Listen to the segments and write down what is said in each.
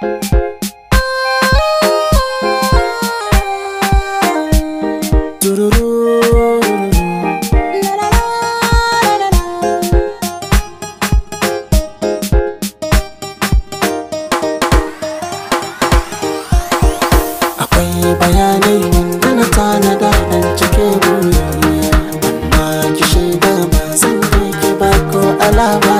akwai bayanai wanda na tanada nan cike burina amma ki shaida ba zan ki ba ko alama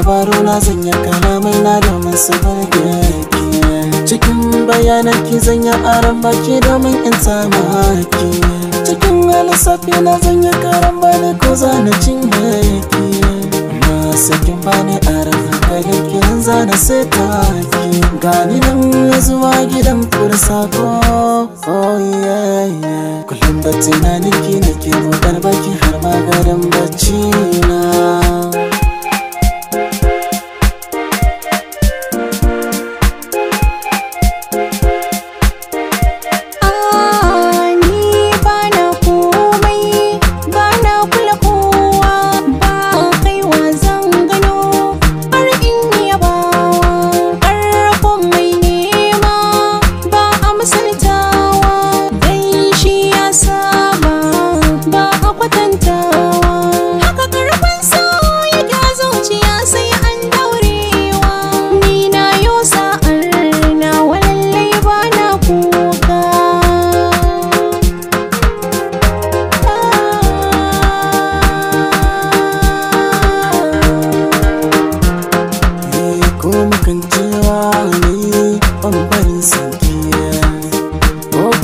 labaru na zanya kalamai na domin su burge cikin bayanan ki zanya aran baki domin in samu haki cikin lissafi na zanya karan bani ko zana cinye ki sakin bani aron hankali ki zana sai taki gani nan zuwa gidan fursa ko oh yeah yeah kullum da tunanin ki nake motar baki har garin bacci na